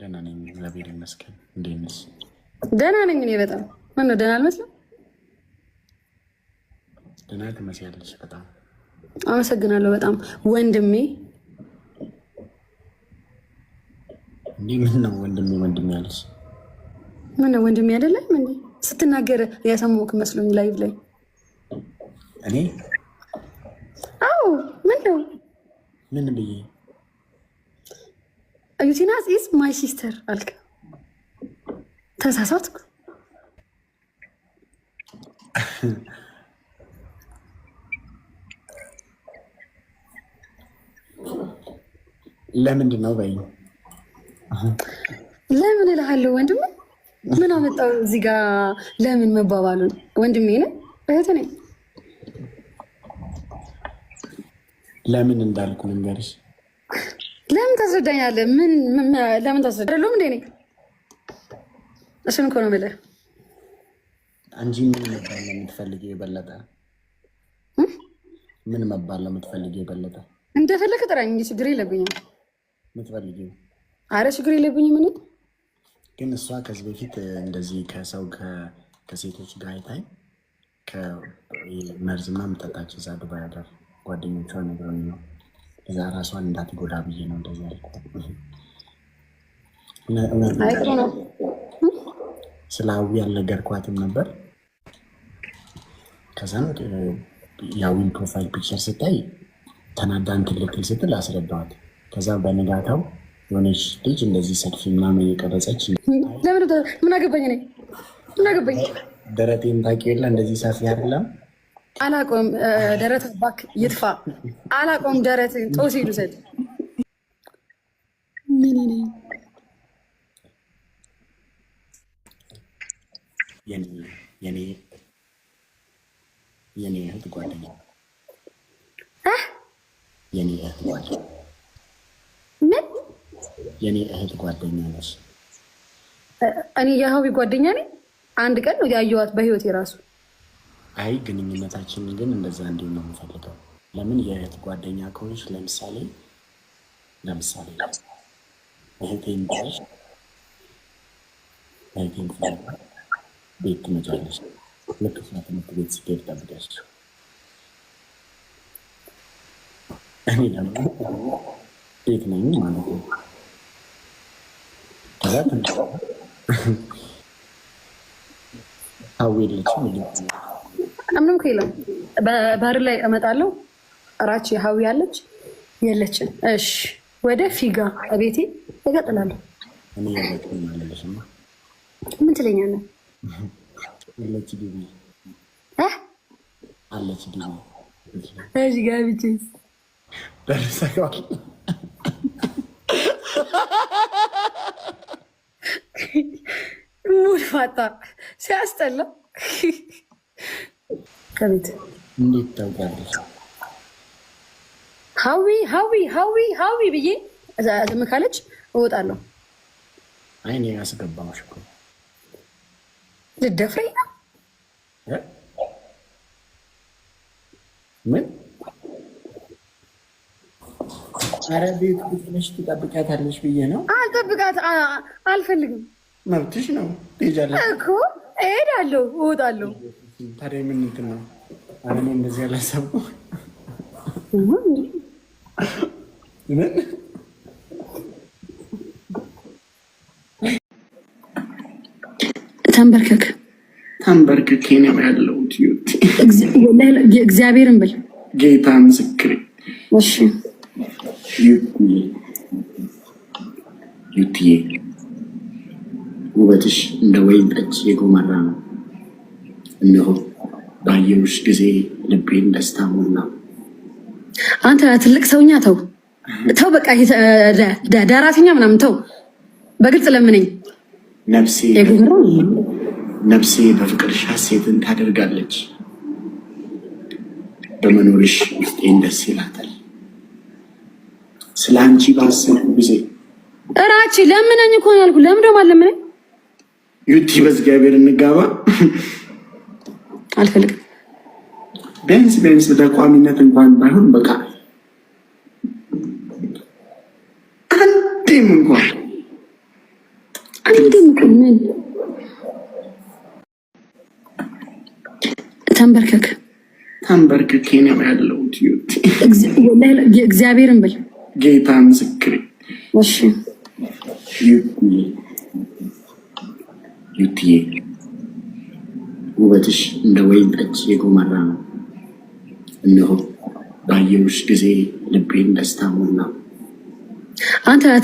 ደህና ነኝ፣ እግዚአብሔር ይመስገን። እንዴት ነሽ? ደህና ነኝ እኔ በጣም ደህና አልመስልም? ደህና ትመስያለሽ በጣም አመሰግናለሁ። በጣም ወንድሜ እንዴ ምን ነው ወንድሜ ወንድሜ ያለሽ? ምን ነው ወንድሜ አይደለም እንዴ? ስትናገር ያሰማሁህ መስሎኝ ላይቭ ላይ እኔ። አዎ ምን ነው ምን ብዬ ዩቲናስ ኢዝ ማይ ሲስተር አልክ። ተሳሳትኩ። ለምንድን ነው በይ፣ ለምን እልሃለሁ ወንድም። ምን አመጣው እዚህ ጋር ለምን መባባሉን? ወንድሜ ነው እህት ነኝ። ለምን እንዳልኩ ልንገርሽ ለምን ታስረዳኛለህ? ምን ለምን ታስረዳ አይደለም እንዴ? እሱን እኮ ነው የምልህ እንጂ ምን መባል ለምትፈልግ የበለጠ ምን መባል ለምትፈልግ የበለጠ እንደፈለግ ጥራኝ እንጂ ችግር የለብኝም። ምትፈልግ አረ ችግር የለብኝም። ምን ግን እሷ ከዚህ በፊት እንደዚህ ከሰው ከሴቶች ጋር አይታይ ከመርዝማ ምጠጣችን ዱባይ ያዳር ጓደኞቿ ነግረውኝ ነው እዛ ራሷን እንዳትጎዳ ብዬ ነው እንደዚህ ያልኩት። ስለ አዊ ያልነገርኳትም ነበር። ከዛም የአዊን ፕሮፋይል ፒክቸር ስታይ ተናዳን ትልክል ስትል አስረዳዋት። ከዛ በንጋታው የሆነች ልጅ እንደዚህ ሰልፊ ምናምን እየቀረጸች ምን አገባኝ ምን አገባኝ ደረቴን ታውቂ የለ እንደዚህ ሰፊ አይደለም አላቆም ደረት ባክ ይጥፋ አላቆም ደረት ጦስ ይሉሰድ የኔ እህት ጓደኛ የኔ እህት ጓደኛ ምን የኔ እህት ጓደኛ ነች። እኔ የሀዊ ጓደኛ ነኝ። አንድ ቀን ያየዋት በህይወት የራሱ አይ ግንኙነታችን ግን እንደዛ እንዲሆን ነው የምፈልገው። ለምን የእህት ጓደኛ ከሆንሽ ለምሳሌ ለምሳሌ እህቴን ሽ እህቴን ቤት ትመጫለሽ። ልክ እሷ ትምህርት ቤት ስትሄድ ጠብቂያቸው። እኔ ደግሞ ቤት ነኝ ማለት ነው። ከዛ ትንሽ ልጅ ምንም ከለም በር ላይ እመጣለሁ። ራች ሀዊ ያለች የለችን? እሺ ወደ ፊጋ ቤቴ እቀጥላለሁ። ምን ትለኛለህ? ሙድ ፋጣ ሲያስጠላ ከቤት እንዴት ታውቂያለሽ? ሀዊ ሀዊ ሀዊ ሀዊ ብዬ ዝም ካለች እወጣለሁ። አይ እኔ ያስገባሁሽ እኮ ልደፍረኝ ነው። ምን ኧረ ቤት ቁጭ ብለሽ ትጠብቂያታለሽ ብዬ ነው። አልጠብቃት አልፈልግም። መብትሽ ነው። ትሄጃለሽ እኮ እሄዳለሁ፣ እወጣለሁ ታዲያ ምን እንትን ነው አለም እንደዚህ ያለ ሰው ምን ተንበርክክ ተንበርክክ ነው ያለው። እግዚአብሔርን ብል ጌታ ምስክር እሺ ዩቲዬ ውበትሽ እንደ ወይን ጠጅ የጎመራ ነው። እነሆ ባየሁሽ ጊዜ ልቤን ደስታ ሞላ። አንተ ትልቅ ሰውኛ ተው ተው፣ በቃ ደራሲኛ ምናምን ተው፣ በግልጽ ለምነኝ። ነፍሴ በፍቅርሽ ሐሴትን ታደርጋለች፣ በመኖርሽ ውስጤን ደስ ይላታል። ስለ አንቺ ባሰብኩ ጊዜ እራቺ ለምነኝ እኮ ነው ያልኩህ። ለምን ደግሞ አለምነኝ? ዩቲ በእግዚአብሔር እንጋባ አልፈልግም። ቢያንስ ቢያንስ ለቋሚነት እንኳን ባይሆን በቃ አንዴም እንኳን አንዴም እንኳን ምን ተንበርከክ ተንበርከክ ነው ያለው እግዚአብሔርን በል ጌታ ምስክር እሺ ዩቲዬ ውበትሽ እንደ ወይን ጠጅ የጎመራ ነው። እነሆ ባየውሽ ጊዜ ልቤን ደስታ ሞላ። አንተ